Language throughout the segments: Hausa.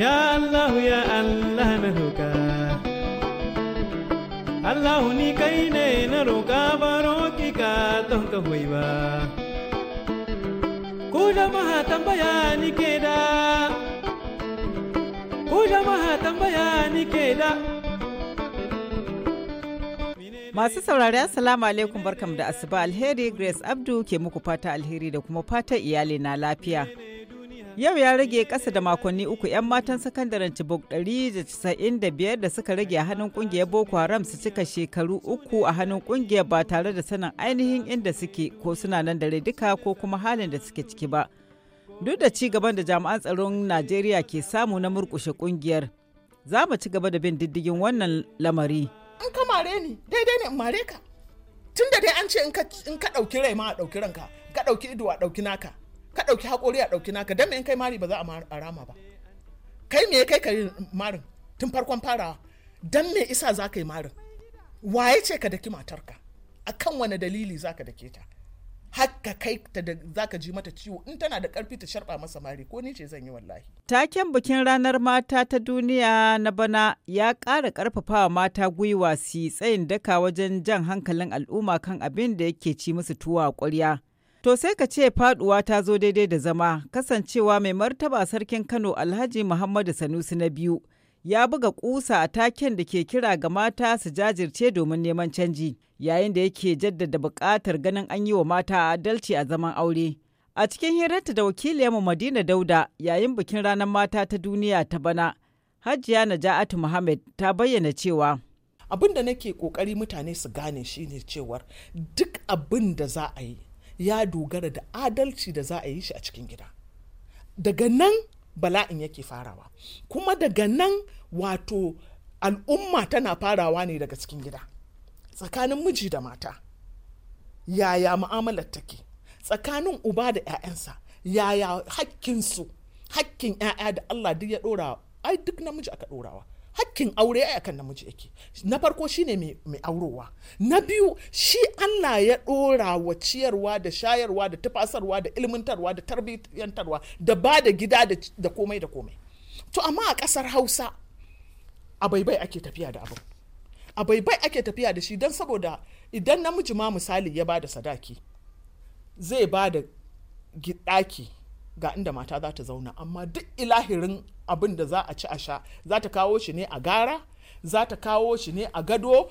Ya Allah ya Allah na roƙa ni kai ne na roƙa ka don ka ba Masu saurari Assalamu alaikum barkam da asuba alheri Grace Abdu ke muku fata alheri da kuma fata iyali na lafiya. Yau ya rage ƙasa da makonni uku 'yan matan sakandaren cibok 195 da suka rage a hannun kungiyar Boko Haram su cika shekaru uku a hannun kungiyar ba tare da sanin ainihin inda suke ko suna nan dare duka ko kuma halin da suke ciki ba. Duk da ci gaban da jami'an tsaron Najeriya ke samu na murkushe kungiyar za mu ci gaba da bin diddigin wannan lamari. An ka mare ni, daidai ne in mare ka. Tun da dai an ce in ka ɗauki rai ma a ɗauki ranka, ka ɗauki ido a ɗauki naka. ka ɗauki haƙori a ɗauki naka dan me in kai mari ba za a rama ba kai me kai ka yi marin tun farkon farawa dan me isa za ka yi marin waye ce ka daki matarka akan wani dalili za ka dake ta haka kai ta da za ka ji mata ciwo in tana da karfi ta sharba masa mari ko ni ce zan yi wallahi. Taken bikin ranar mata ta duniya na bana ya kara karfafawa mata gwiwa su tsayin daka wajen jan hankalin al'umma kan abin da yake ci musu tuwa ƙwarya. To sai ka ce faduwa ta zo daidai da zama kasancewa mai martaba sarkin Kano Alhaji Muhammadu Sanusi na biyu ya buga kusa a taken da ke kira ga mata su jajirce domin neman canji yayin da yake jaddada buƙatar ganin an yi wa mata adalci a zaman aure. A cikin hirarta da wakiliyarmu Madina Dauda yayin bikin ranar mata ta duniya ta bana, Hajiya Naja'atu Muhammad ta bayyana cewa. Abin da nake ƙoƙari mutane su gane shine cewar duk abin da za a yi ya dogara da adalci da za a yi shi a cikin gida daga nan bala'in yake farawa kuma daga nan wato al'umma tana farawa ne daga cikin gida tsakanin miji da mata yaya mu'amalar take tsakanin uba da 'ya'yansa yaya hakkinsu hakkin 'ya'ya da allah duk ya ɗora ai duk namiji aka ɗorawa hakkin aure a kan namiji yake na farko shine mai aurowa na biyu shi Allah ya dora wa ciyarwa da shayarwa da tafasarwa da ilmantarwa da tarbiyyantarwa da ba da gida da komai da komai to amma a kasar Hausa a baibai ake tafiya da abu a baibai ake tafiya da shi don saboda idan namiji ma misali ya ba da sadaki zai ba da ɗaki ga inda mata za ta zauna amma duk ilahirin abin da za a ci a sha za ta kawo shi ne a gara za ta kawo shi ne a gado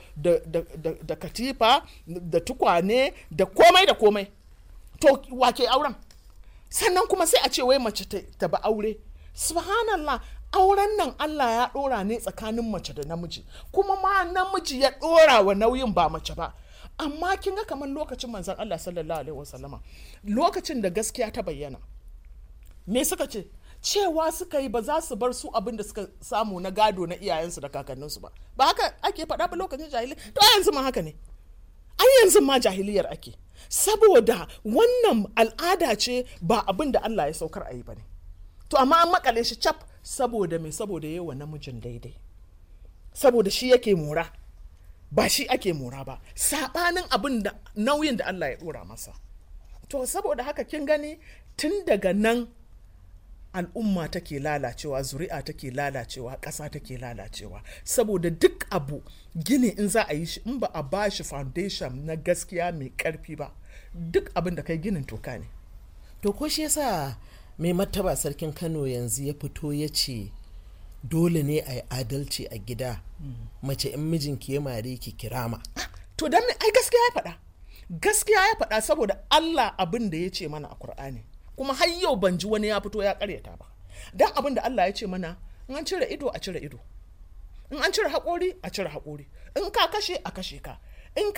da, katifa da tukwane da komai da komai to wake auren sannan kuma sai a ce wai mace ta ba aure subhanallah auren nan Allah ya dora ne tsakanin mace da namiji kuma ma namiji ya ɗora wa nauyin ba mace ba amma kin ga kamar lokacin manzon Allah sallallahu alaihi wasallama lokacin da gaskiya ta bayyana me suka ce cewa suka yi ba za su bar su abin da suka samu na gado na iyayensu da kakanninsu ba ba haka ake faɗa ba lokacin jahili to yanzu ma haka ne an yanzu ma jahiliyar ake saboda wannan al'ada ce ba abin da Allah ya saukar a yi ba ne to amma an makale shi cap saboda mai saboda yawa namijin daidai saboda shi yake mora ba shi ake mora ba saɓanin abin da nauyin da Allah ya ɗora masa to saboda haka kin gani tun daga nan al'umma take lalacewa zuri'a take lalacewa ƙasa take lalacewa saboda duk abu gini in za a yi shi in ba a ba shi foundation na gaskiya mai karfi ba duk abin da kai ginin toka ne to ko shi yasa mai martaba sarkin kano yanzu ya fito ya ce dole ne a yi adalci a gida mace in mijin ke mare ki kirama to dan ai gaskiya ya faɗa gaskiya ya faɗa saboda allah abin da ya ce mana a kur'ani kuma har yau ban ji wani ya fito ya karyata ba dan abin da Allah ya ce mana in an cire ido a cire ido in an cire haƙori a cire haƙori in ka kashe a kashe ka in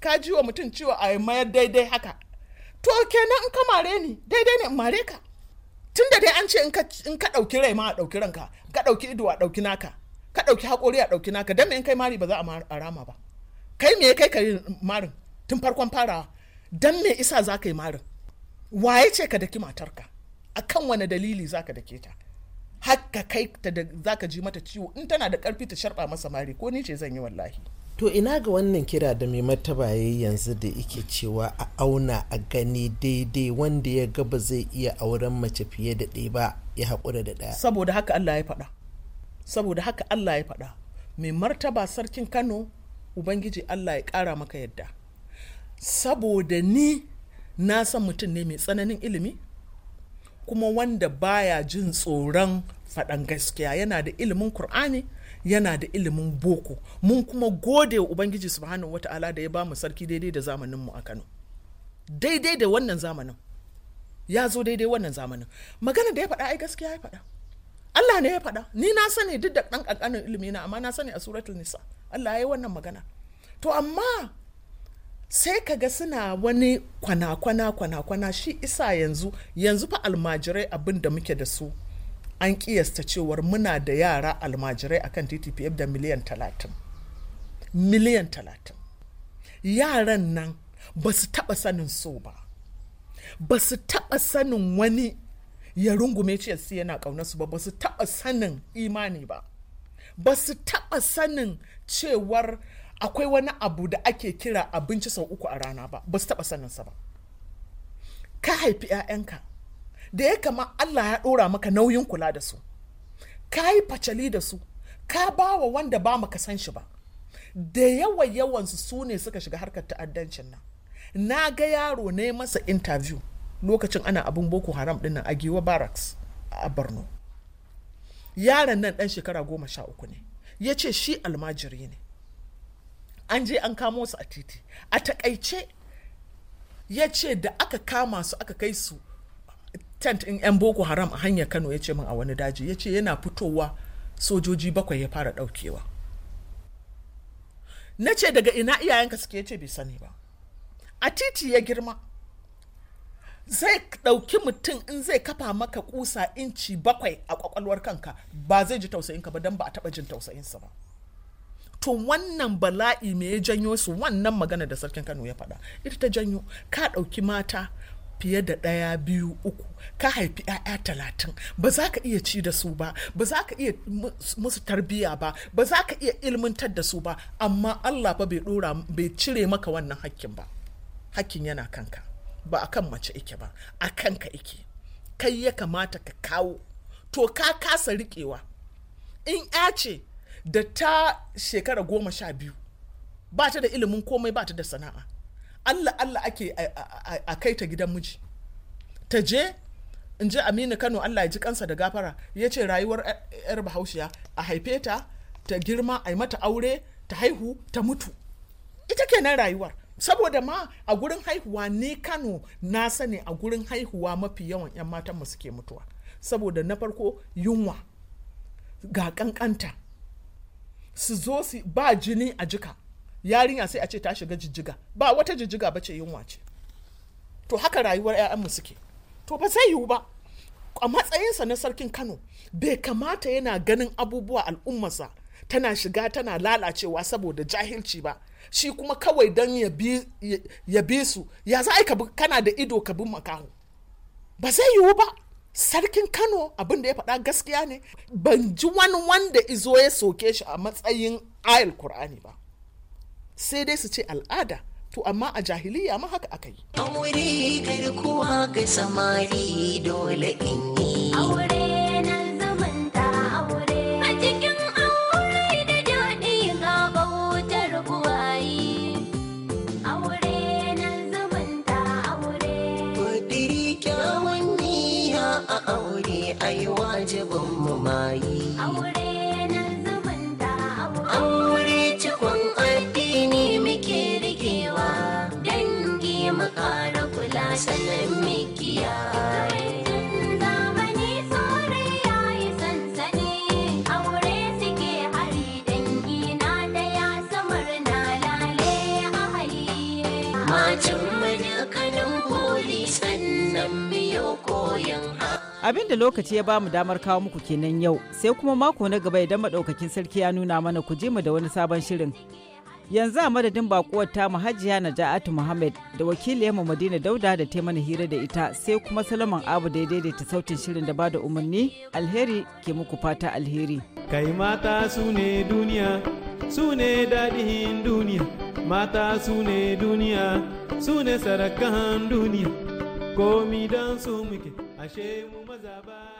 ka ji wa mutum ciwo a mayar daidai haka to kenan in ka mare ni daidai ne in mare ka tun da dai an ce in ka ɗauki rai ma a ɗauki ranka ka ɗauki ido a ɗauki naka ka ɗauki haƙori a ɗauki naka dan in kai mari ba za a rama ba kai me kai ka yi marin tun farkon farawa dan me isa za ka yi marin waye ce ka daki matarka kan wani dalili za zaka dake ta hakka kai ta da zaka ji mata ciwo in tana da karfi ta sharɓa masa mari ko ni ce zan yi wallahi to ina ga wannan kira da mai martaba yanzu da yake cewa a auna a gani daidai wanda ya ga ba zai iya auren mace fiye da ɗaya ba ya haƙura da ɗaya saboda haka Allah ya faɗa saboda haka Allah ya faɗa mai martaba sarkin Kano ubangiji Allah ya ƙara maka yadda saboda ni na san mutum ne mai tsananin ilimi kuma wanda baya jin tsoron faɗan gaskiya yana da ilimin kur'ani yana da ilimin boko mun kuma gode wa ubangiji subhanahu wata'ala da ya ba mu sarki daidai da zamanin mu a kano daidai da wannan zamanin ya zo daidai wannan zamanin magana da ya faɗa ai gaskiya ya faɗa Allah ne ya faɗa ni na sani duk da ɗan ƙanƙanin ilimi na amma na sani a suratul nisa Allah ya yi wannan magana to amma sai ka ga suna wani kwana-kwana kwana-kwana shi isa yanzu yanzu fa almajirai abin da muke da su an kiyasta cewar muna da yara almajirai akan ttpf da miliyan talatin miliyan talatin yaran nan ba su taɓa sanin so ba ba su taɓa sanin wani ya rungume su yana su ba ba su taɓa sanin imani ba ba su taɓa sanin cewar akwai wani abu da ake kira abinci sau uku a rana ba ba su sanin sa ba ka haifi 'ya'yanka da ya kama Allah ya ɗora maka nauyin kula da su ka yi facali da su ka ba wa wanda ba maka san shi ba da yawa yawansu su ne suka shiga harkar ta'addancin nan na ga yaro ne masa interview lokacin ana abin boko haram dinnan a giwa barracks a borno yaron nan dan shekara goma sha uku ne ya ce shi almajiri ne an je an kamo su a titi a takaice ya ce da aka kama su aka kai su tent in 'yan boko haram a hanyar kano ya ce min a wani daji ya ce yana fitowa sojoji bakwai ya fara daukewa na ce daga ina iyayenka suke ya ce bai sani ba a titi ya girma zai ɗauki mutum in zai kafa maka kusa inci bakwai a kwakwalwar kanka ba zai ji tausayinka ba don ba a taɓa jin tausayinsa ba to wannan bala'i me ya janyo su wannan magana da sarkin kano ya faɗa ita ta janyo ka ɗauki mata fiye da ɗaya biyu uku ka haifi 'ya'ya talatin ba za ka iya ci da su ba ba za ka iya musu tarbiyya ba ba za ka iya ilmantar da su ba amma allah fa bai dora bai cire maka wannan hakkin ba hakkin yana kanka ba a kan mace ike ba a kanka ike kai ya kamata ka kawo to ka kasa riƙewa in 'ya ce da ta shekara goma sha biyu ba ta da ilimin komai ba ta da sana'a allah allah ake a kai ta gidan miji ta je in ji aminu kano allah ya ji kansa da gafara ya ce rayuwar yar bahaushiya a haife ta ta girma a mata aure ta haihu ta mutu ita kenan rayuwar saboda ma a gurin haihuwa ne kano na sani a gurin haihuwa mafi yawan 'yan matan masu suke mutuwa saboda na farko yunwa ga kankanta su zo su ba jini a jika yarinya sai a ce ta shiga jijjiga ba wata jijjiga ba ce yunwa ce to haka rayuwar mu suke to ba zai yiwu ba a matsayinsa na sarkin kano bai kamata yana ganin abubuwa al'ummarsa tana shiga tana lalacewa saboda jahilci ba shi kuma kawai don ya bi su ya za kana da ido ka bi makaho ba zai yiwu ba sarkin kano abin da ya faɗa gaskiya ne ban ji wani wanda izo ya soke shi a matsayin ayal kur'ani ba sai dai su ce al'ada to amma a jahiliya ma haka aka yi aure karkuwa ga samari dole in yi aure abin da lokaci ya bamu damar kawo muku kenan yau sai kuma mako na gaba idan maɗaukakin sarki ya nuna mana ku je mu da wani sabon shirin yanzu a madadin bakuwar tamu hajiya naja'atu muhammad da wakiliyarmu madina dauda da ta mana hira da ita sai kuma salaman abu da ya daidaita sautin shirin da bada umarni alheri ke muku fata alheri kai mata su ne duniya su ne daɗin duniya mata su ne duniya su ne sarakan duniya komi don su muke ashe mu maza ba